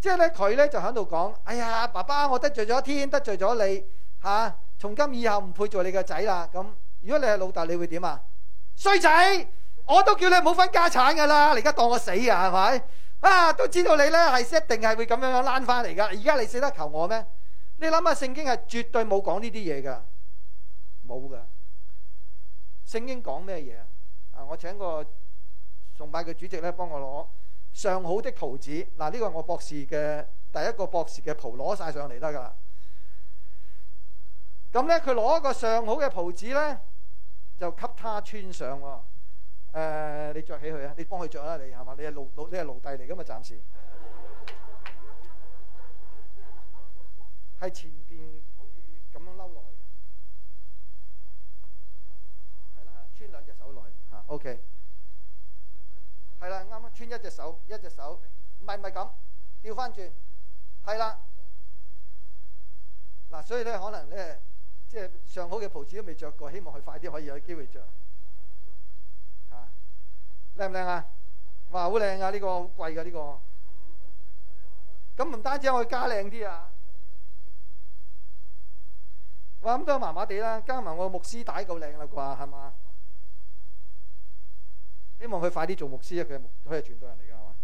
即係咧，佢咧就喺度講，哎呀，爸爸，我得罪咗天，得罪咗你嚇、啊，從今以後唔配做你嘅仔啦。咁、啊、如果你係老豆，你會點啊？衰仔，我都叫你冇分家產㗎啦，你而家當我死啊，係咪？啊，都知道你呢，係一定係會咁樣樣攣翻嚟噶。而家你捨得求我咩？你諗下聖經係絕對冇講呢啲嘢噶，冇噶。聖經講咩嘢啊？啊，我請個崇拜嘅主席呢，幫我攞上好的袍子。嗱，呢、這個係我博士嘅第一個博士嘅袍，攞晒上嚟得噶啦。咁、嗯、呢，佢攞一個上好嘅袍子呢，就給他穿上。誒，你著起佢啊！你幫佢著啦，你係嘛？你係奴奴，你係奴隸嚟噶嘛？暫時喺前邊咁樣嬲落去，係啦，穿兩隻手落去吓，OK，係啦，啱啱！穿一隻手，一隻手，唔係唔係咁，調翻轉，係啦，嗱，所以咧可能咧，即係上好嘅袍子都未著過，希望佢快啲可以有機會著。靚唔靚啊？哇，好靚啊！呢個好貴噶呢個，咁唔單止可以加靚啲啊！哇，咁都麻麻地啦，加埋我個牧師帶夠靚啦啩，係嘛？希望佢快啲做牧師啊！佢係牧，佢係傳道人嚟噶，係嘛？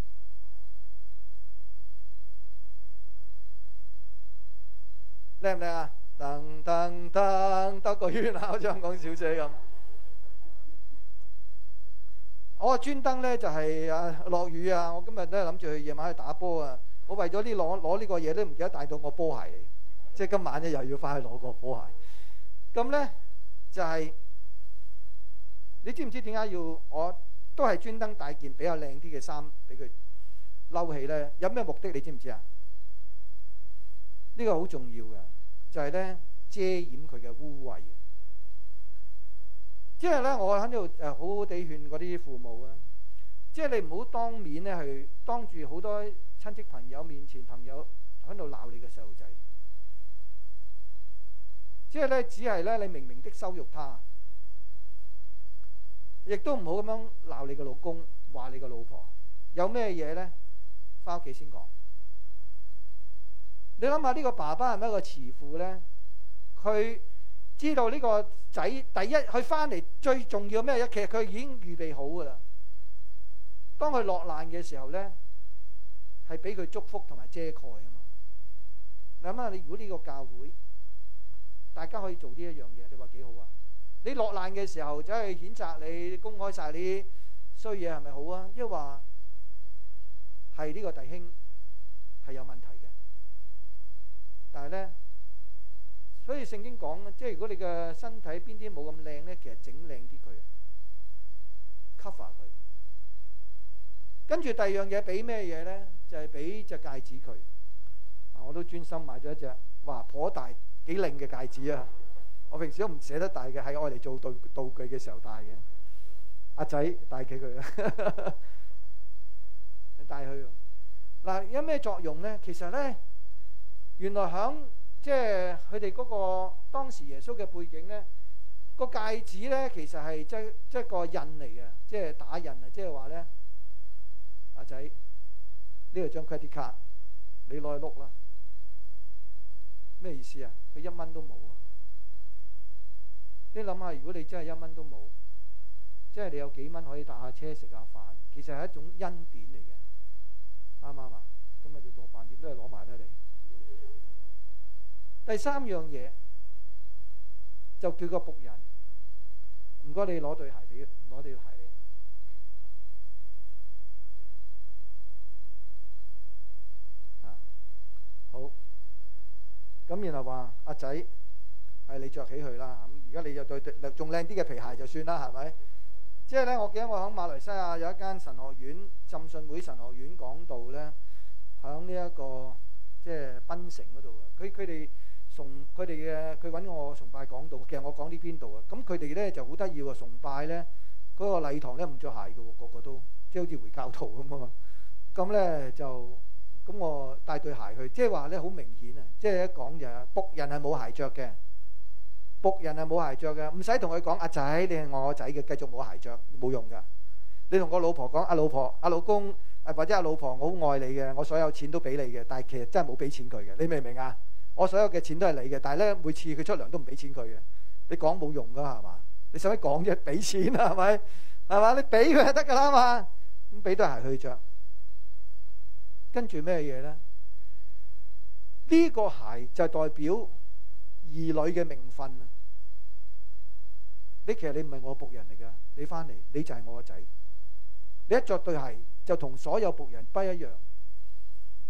靚唔靚啊？噔噔噔，兜個圈，好似香港小姐咁。我呢、就是、啊專登咧就係啊落雨啊，我今日都係諗住去夜晚去打波啊。我為咗呢攞攞呢個嘢，都唔記得帶到我波鞋、鞋，嚟。即係今晚咧又要翻去攞個波鞋。咁咧就係，你知唔知點解要我都係專登帶件比較靚啲嘅衫俾佢褸起咧？有咩目的你知唔知啊？呢、這個好重要嘅就係、是、咧遮掩佢嘅污穢。即係咧，我喺度誒好好地勸嗰啲父母啊！即係你唔好當面咧，去當住好多親戚朋友面前，朋友喺度鬧你嘅細路仔。即係咧，只係咧，你明明的羞辱他，亦都唔好咁樣鬧你嘅老公，話你嘅老婆有咩嘢咧？翻屋企先講。你諗下呢個爸爸係咪一個慈父咧？佢？知道呢個仔第一佢翻嚟最重要咩嘢？其實佢已經預備好噶啦。當佢落難嘅時候咧，係俾佢祝福同埋遮蓋啊嘛，你想想。諗下你如果呢個教會大家可以做呢一樣嘢，你話幾好啊？你落難嘅時候走去、就係、譴責你、公開晒你衰嘢，係咪好啊？因為話係呢個弟兄係有問題嘅，但係咧。所以聖經講咧，即係如果你嘅身體邊啲冇咁靚咧，其實整靚啲佢啊，cover 佢。跟住第二樣嘢俾咩嘢咧？就係俾隻戒指佢。啊，我都專心買咗一隻，哇，頗大幾靚嘅戒指啊！我平時都唔捨得戴嘅，係愛嚟做道道具嘅時候戴嘅。阿仔戴俾佢啦，你戴佢。嗱，有咩作用咧？其實咧，原來響。即係佢哋嗰個當時耶穌嘅背景咧，個戒指咧，其實係即係即係一個印嚟嘅，即係打印啊，即係話咧，阿仔，呢度張 credit card，你攞去碌啦，咩意思啊？佢一蚊都冇啊！你諗下，如果你真係一蚊都冇，即係你有幾蚊可以搭下車食下飯，其實係一種恩典嚟嘅，啱唔啱啊？咁咪就落飯店都係攞埋啦你。第三樣嘢就叫個僕人，唔該，你攞對鞋俾，攞對鞋嚟。啊，好。咁然後話阿仔係你著起去啦。咁而家你著對對仲靚啲嘅皮鞋就算啦，係咪？即係咧，我記得我喺馬來西亞有一間神學院浸信會神學院講道咧，響呢一個即係檳城嗰度嘅，佢佢哋。崇佢哋嘅，佢揾我崇拜講道，其實我講啲邊度啊？咁佢哋呢就好得意喎，崇拜呢，嗰個禮堂呢唔着鞋嘅喎，個個都即係好似回教徒咁啊！咁呢就咁我帶對鞋去，即係話呢好明顯啊！即係一講就僕人係冇鞋着嘅，僕人係冇鞋着嘅，唔使同佢講阿仔，你係愛我仔嘅，繼續冇鞋着，冇用噶。你同個老婆講阿、啊、老婆阿、啊、老公，或者阿老婆我好愛你嘅，我所有錢都俾你嘅，但係其實真係冇俾錢佢嘅，你明唔明啊？我所有嘅錢都係你嘅，但係咧每次佢出糧都唔俾錢佢嘅，你講冇用噶係嘛？你使唔使講啫？俾錢啦係咪？係嘛？你俾佢就得噶啦嘛？咁俾對鞋去着。跟住咩嘢咧？呢個鞋就代表兒女嘅名分啊！你其實你唔係我僕人嚟噶，你翻嚟你就係我個仔。你一着對鞋就同所有僕人不一樣。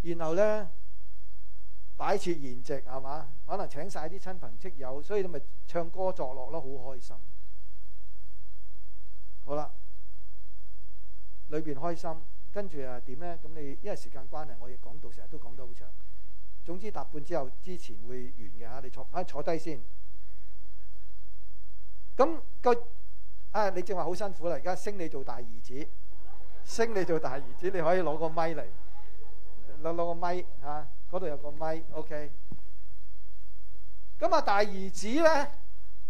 然後咧。擺設筵席係嘛？可能請曬啲親朋戚友，所以你咪唱歌作樂咯，好開心。好啦，裏邊開心，跟住啊點呢？咁你因為時間關係，我亦講到成日都講得好長。總之搭半之後之前會完嘅嚇，你坐啊坐低先。咁個啊，你正話好辛苦啦！而家升你做大兒子，升你做大兒子，你可以攞個咪嚟攞攞個咪嚇。嗰度有個咪 OK 咁啊，OK? 大兒子呢，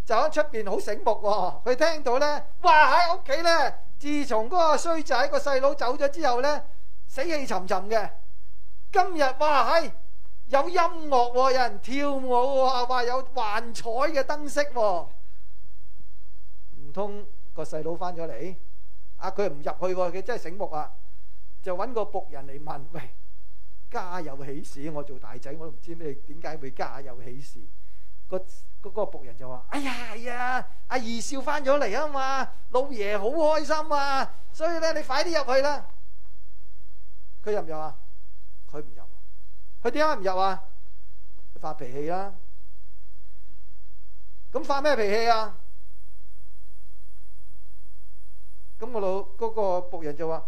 就喺出邊好醒目喎、哦。佢聽到呢哇喺屋企呢，自從嗰個衰仔、個細佬走咗之後呢，死氣沉沉嘅。今日哇係、哎、有音樂喎、哦，有人跳舞喎、哦，話有幻彩嘅燈飾喎、哦。唔通個細佬翻咗嚟？啊，佢唔入去，佢真係醒目啊！就揾個僕人嚟問。喂家有喜事，我做大仔我都唔知咩，點解會家有喜事。個嗰個僕人就話：哎呀，係啊，阿二少翻咗嚟啊嘛，老爺好開心啊！所以咧，你快啲入去啦。佢入唔入啊？佢唔入，佢點解唔入啊？發脾氣啦。咁發咩脾氣啊？咁我老嗰個僕人就話。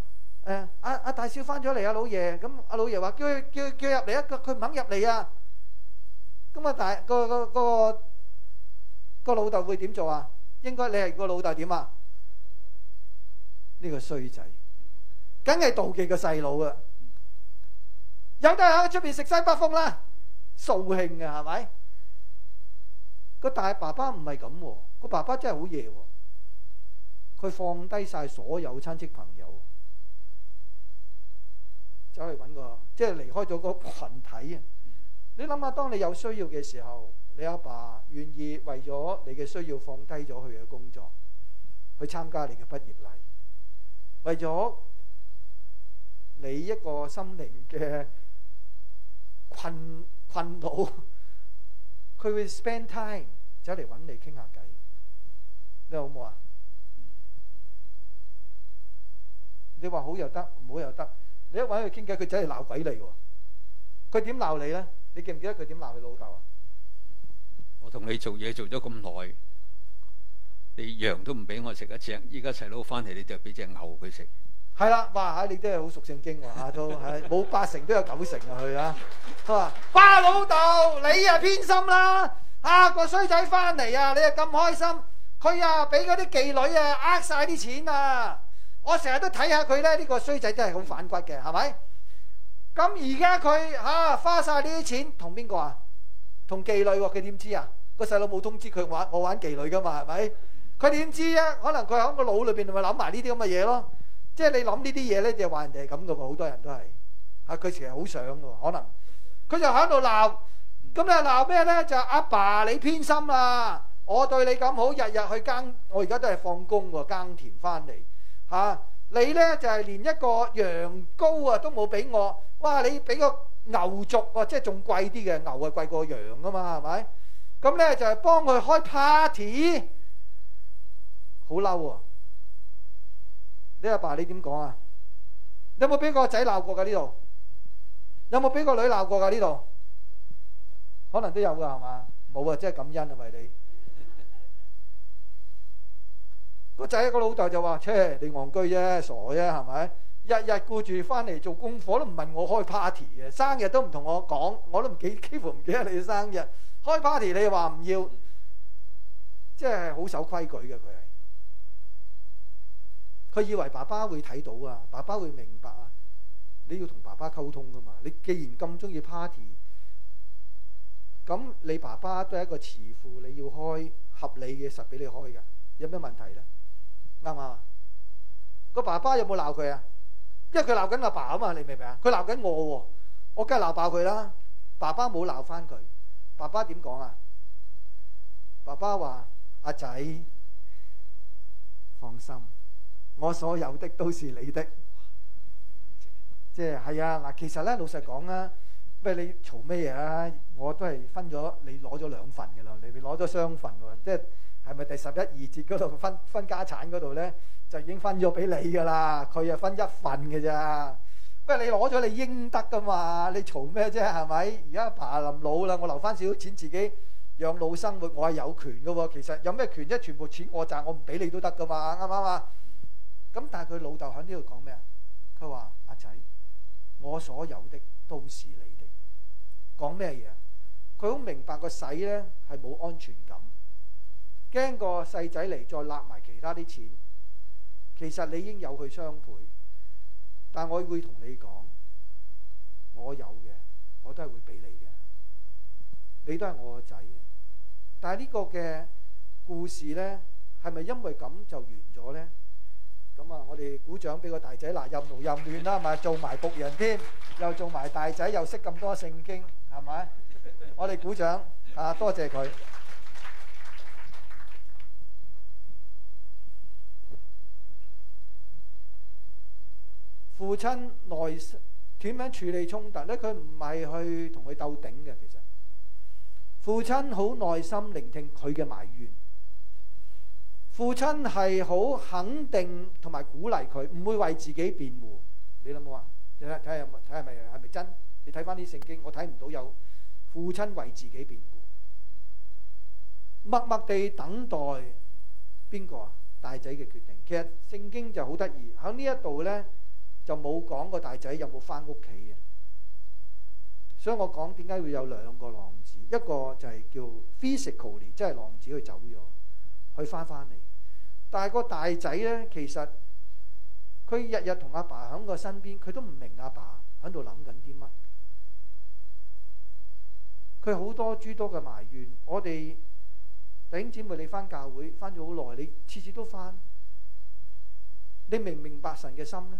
誒阿阿大少翻咗嚟啊，老爺。咁啊，老爺話叫佢叫叫入嚟啊，佢佢唔肯入嚟啊，咁啊大個個個個老豆會點做啊？應該你係個老豆點啊？呢個衰仔，梗係妒忌個細佬啊！有得喺出邊食西北風啦，掃興啊，係咪？個大爸爸唔係咁喎，個爸爸真係好嘢喎，佢放低晒所有親戚朋友。走去揾㗎，即係離開咗個群體啊！你諗下，當你有需要嘅時候，你阿爸願意為咗你嘅需要放低咗佢嘅工作，去參加你嘅畢業禮，為咗你一個心靈嘅困困惱，佢會 spend time 走嚟揾你傾下偈，你話好冇啊？你話好又得，唔好又得。你一搵佢傾偈，佢真係鬧鬼嚟喎！佢點鬧你咧？你記唔記得佢點鬧佢老豆啊？我同你做嘢做咗咁耐，你羊都唔俾我食一隻，依家細佬翻嚟你就俾隻牛佢食。係啦，哇！嚇你真係好熟聖經喎嚇，都係冇八成都有九成啊佢啊！佢話，爸老豆，你啊偏心啦！啊個衰仔翻嚟啊，你啊咁開心，佢啊俾嗰啲妓女啊呃曬啲錢啊！我成日都睇下佢咧，呢個衰仔真係好反骨嘅，係咪？咁而家佢吓，花晒呢啲錢同邊個啊？同妓女喎，佢點知啊？個細佬冇通知佢玩，我玩妓女噶嘛，係咪？佢點知啊？可能佢喺個腦裏邊咪諗埋呢啲咁嘅嘢咯。即係你諗呢啲嘢咧，就話人哋係咁噶喎。好多人都係吓，佢成日好想噶喎，可能佢就喺度鬧咁你鬧咩咧？就阿爸，你偏心啊！我對你咁好，日日去耕，我而家都係放工喎，耕田翻嚟。吓、啊、你咧就係、是、連一個羊羔啊都冇俾我，哇你俾個牛族啊即係仲貴啲嘅牛啊貴過羊噶嘛係咪？咁咧就係幫佢開 party，好嬲啊！你阿爸，爸你點講啊？你有冇俾個仔鬧過噶呢度？有冇俾個女鬧過噶呢度？可能都有噶係嘛？冇啊，即、就、係、是、感恩啊係咪你。個仔個老豆就話：切，你戇居啫，傻啫，係咪？日日顧住翻嚟做功課，都唔問我開 party 嘅，生日都唔同我講，我都唔記幾乎唔記得你生日，開 party 你又話唔要，即係好守規矩嘅佢係。佢以為爸爸會睇到啊，爸爸會明白啊。你要同爸爸溝通噶嘛？你既然咁中意 party，咁你爸爸都係一個慈父，你要開合理嘅實俾你開噶，有咩問題呢？啱嘛？個爸爸有冇鬧佢啊？因為佢鬧緊阿爸啊嘛，你明唔明啊？佢鬧緊我喎，我梗係鬧爆佢啦。爸爸冇鬧翻佢，爸爸點講啊？爸爸話阿仔，放心，我所有的都是你的。即係係啊嗱，其實咧老實講啊，喂，你嘈咩嘢啊？我都係分咗你攞咗兩份噶啦，你你攞咗雙份喎，即係。係咪第十一二節嗰度分分家產嗰度咧，就已經分咗俾你噶啦？佢啊，分一份嘅咋，不過你攞咗你應得噶嘛？你嘈咩啫？係咪？而家爸臨老啦，我留翻少少錢自己養老生活，我係有權噶喎。其實有咩權啫？全部錢我賺，我唔俾你都得噶嘛？啱唔啱啊？咁但係佢老豆喺呢度講咩啊？佢話阿仔，我所有的都是你的。講咩嘢啊？佢好明白個仔咧係冇安全感。驚個細仔嚟再揦埋其他啲錢，其實你應有佢雙倍，但我會同你講，我有嘅我都係會俾你嘅，你都係我個仔。但係呢個嘅故事咧，係咪因為咁就完咗咧？咁啊，我哋鼓掌俾個大仔，嗱、呃，任勞任亂啦，係咪？做埋僕人添，又做埋大仔，又識咁多聖經，係咪？我哋鼓掌啊，多謝佢。父親內心點樣處理衝突咧？佢唔係去同佢鬥頂嘅。其實父親好耐心聆聽佢嘅埋怨，父親係好肯定同埋鼓勵佢，唔會為自己辯護。你諗下，睇下睇下，睇下係咪係咪真？你睇翻啲聖經，我睇唔到有父親為自己辯護，默默地等待邊個啊？大仔嘅決定。其實聖經就好得意喺呢一度咧。就冇講個大仔有冇翻屋企嘅，所以我講點解會有兩個浪子，一個就係叫 physically，即係浪子去走咗，去翻翻嚟。但係個大仔咧，其實佢日日同阿爸喺個身邊，佢都唔明阿爸喺度諗緊啲乜。佢好多諸多嘅埋怨，我哋弟兄姊妹你，你翻教會翻咗好耐，你次次都翻，你明唔明白神嘅心咧？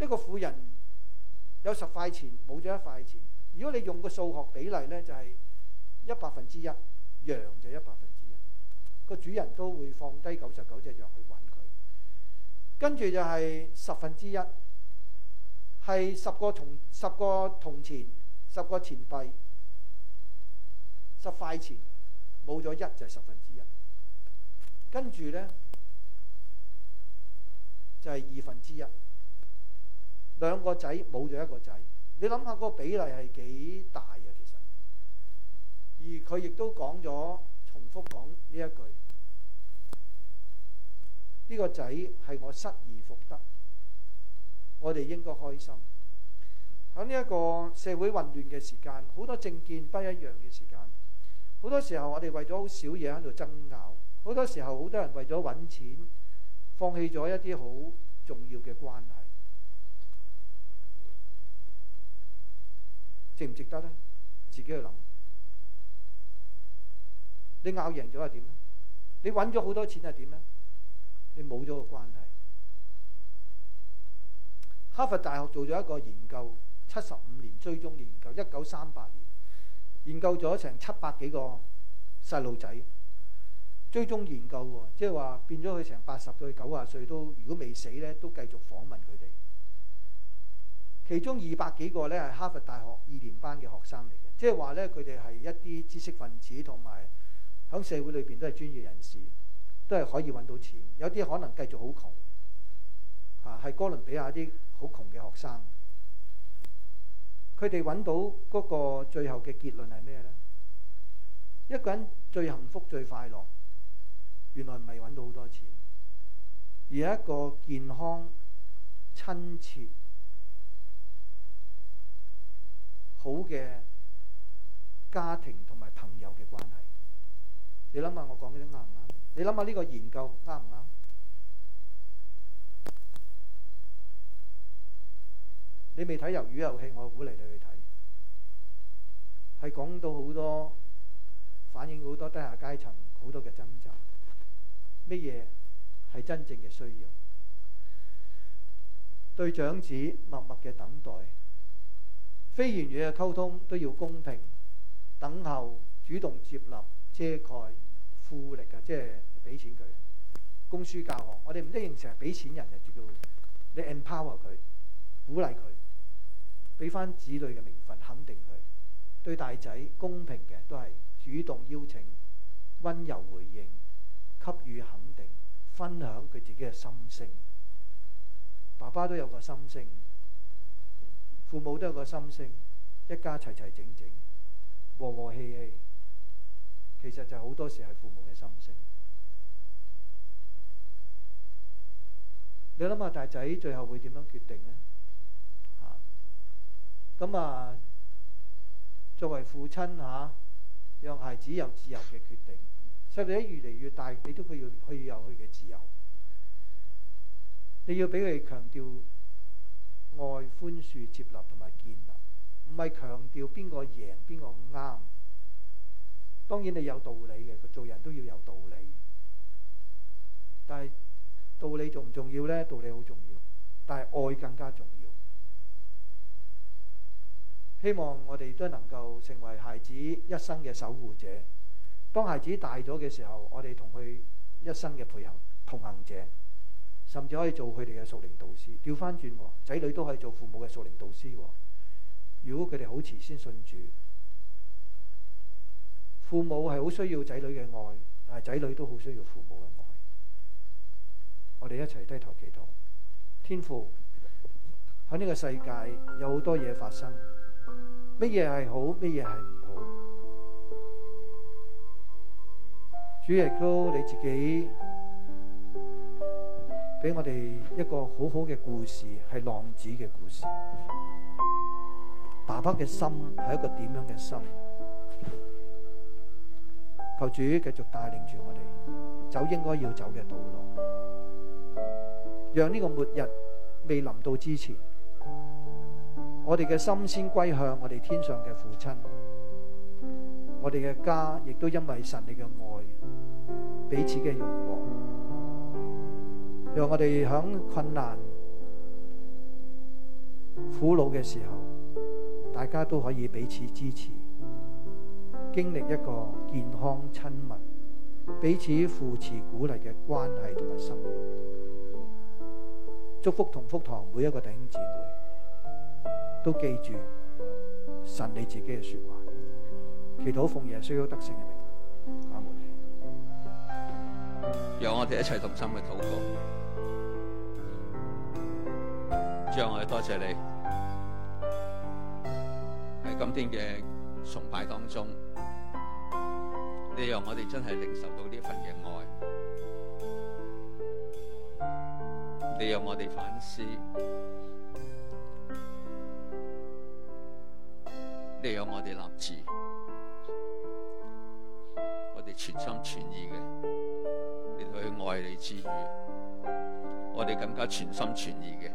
一個婦人有十塊錢，冇咗一塊錢。如果你用個數學比例呢，就係一百分之一，羊就一百分之一。個主人都會放低九十九隻羊去揾佢，跟住就係十分之一，係十個銅十個銅錢，十個，銅錢十個錢幣十塊錢，冇咗一就係十分之一，跟住呢，就係、是、二分之一。兩個仔冇咗一個仔，你諗下個比例係幾大啊？其實，而佢亦都講咗重複講呢一句：呢個仔係我失而復得，我哋應該開心。喺呢一個社會混亂嘅時間，好多政見不一樣嘅時間，好多時候我哋為咗好少嘢喺度爭拗，好多時候好多人為咗揾錢放棄咗一啲好重要嘅關係。值唔值得呢？自己去諗。你拗贏咗係點呢？你揾咗好多錢係點呢？你冇咗個關係。哈佛大學做咗一個研究，七十五年追蹤研究，一九三八年研究咗成七百幾個細路仔，追蹤研究喎，即係話變咗佢成八十到九十歲都，如果未死呢，都繼續訪問佢哋。其中二百幾個咧係哈佛大學二年班嘅學生嚟嘅，即係話咧佢哋係一啲知識分子同埋喺社會裏邊都係專業人士，都係可以揾到錢。有啲可能繼續好窮，呀係哥倫比亞啲好窮嘅學生。佢哋揾到嗰個最後嘅結論係咩呢？一個人最幸福最快樂，原來唔係揾到好多錢，而係一個健康親切，好嘅家庭同埋朋友嘅關係，你諗下我講嘅啱唔啱？你諗下呢個研究啱唔啱？你未睇《魷魚遊戲》，我鼓勵你去睇，係講到好多反映好多低下階層好多嘅爭執，乜嘢係真正嘅需要？對長子默默嘅等待。非言語嘅溝通都要公平、等候、主動接納、遮蓋、賦力嘅、啊，即係俾錢佢、供書教學。我哋唔得認成日俾錢人，就叫你 empower 佢、鼓勵佢、俾翻子女嘅名分、肯定佢。對大仔公平嘅都係主動邀請、溫柔回應、給予肯定、分享佢自己嘅心聲。爸爸都有個心聲。父母都有個心聲，一家齊齊整整，和和氣氣，其實就好多時係父母嘅心聲。你諗下大仔最後會點樣決定呢？吓、啊，咁啊，作為父親吓、啊，讓孩子有自由嘅決定。細仔越嚟越大，你都佢要佢要有佢嘅自由。你要俾佢強調。愛寬恕接納同埋建立，唔係強調邊個贏邊個啱。當然你有道理嘅，佢做人都要有道理。但係道理重唔重要呢？道理好重要，但係愛更加重要。希望我哋都能夠成為孩子一生嘅守護者。當孩子大咗嘅時候，我哋同佢一生嘅陪行同行者。甚至可以做佢哋嘅屬靈導師，調翻轉，仔女都可以做父母嘅屬靈導師。如果佢哋好遲先信主，父母係好需要仔女嘅愛，但係仔女都好需要父母嘅愛。我哋一齊低頭祈禱，天父，喺呢個世界有好多嘢發生，乜嘢係好，乜嘢係唔好。主耶穌，你自己。俾我哋一個好好嘅故事，係浪子嘅故事。爸爸嘅心係一個點樣嘅心？求主繼續帶領住我哋，走應該要走嘅道路。讓呢個末日未臨到之前，我哋嘅心先歸向我哋天上嘅父親。我哋嘅家亦都因為神你嘅愛，彼此嘅融和。讓我哋喺困難、苦惱嘅時候，大家都可以彼此支持，經歷一個健康、親密、彼此扶持、鼓勵嘅關係同埋生活。祝福同福堂每一個弟兄姊妹都記住神你自己嘅說話，祈禱奉耶穌要得勝嘅名。阿門！讓我哋一齊同心去禱告。主，我哋多謝你喺今天嘅崇拜當中，你讓我哋真係領受到呢一份嘅愛，你讓我哋反思，你讓我哋立志，我哋全心全意嘅嚟去愛你之餘，我哋更加全心全意嘅。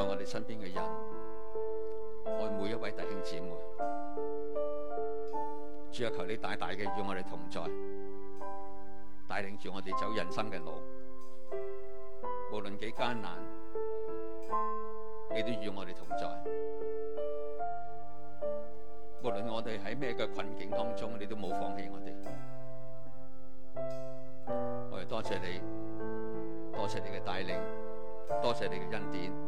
愛我哋身邊嘅人，愛每一位弟兄姊妹。主啊，求你大大嘅與我哋同在，帶領住我哋走人生嘅路。無論幾艱難，你都與我哋同在。無論我哋喺咩嘅困境當中，你都冇放棄我哋。我哋多謝你，多謝你嘅帶領，多謝你嘅恩典。